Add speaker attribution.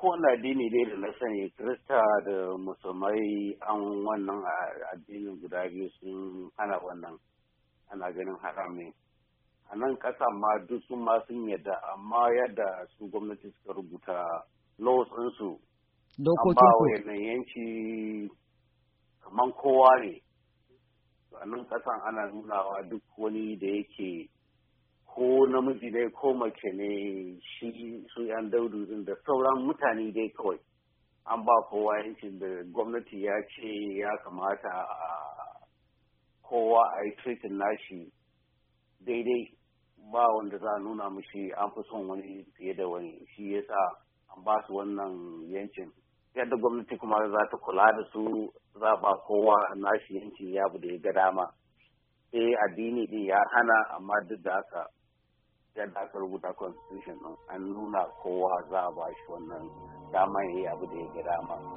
Speaker 1: kowane addini ne da na sani Kirista da musulmai an wannan addinin guda biyu sun ana wannan ana ganin haram A nan kasa ma duk sun ma sun yadda amma yadda su gwamnati suka rubuta laws an
Speaker 2: ba
Speaker 1: wa yanci kamar kowa ne. A nan kasa ana nunawa duk wani da yake ko namiji ne ko mace ne shi su yan daudu din da sauran mutane dai kawai an ba kowa yancin da gwamnati ya ce ya kamata kowa a yi treatin nashi daidai ba wanda za a nuna mishi an fi son wani fiye da wani shi ya sa an ba su wannan yancin yadda gwamnati kuma za ta kula da su za ba kowa nashi yancin yabu da ya ga dama sai eh, addini din ya hana amma duk da haka yadda aka rubuta constitution an nuna kowa za a ba shi wannan dama ya yi abu da ya gida dama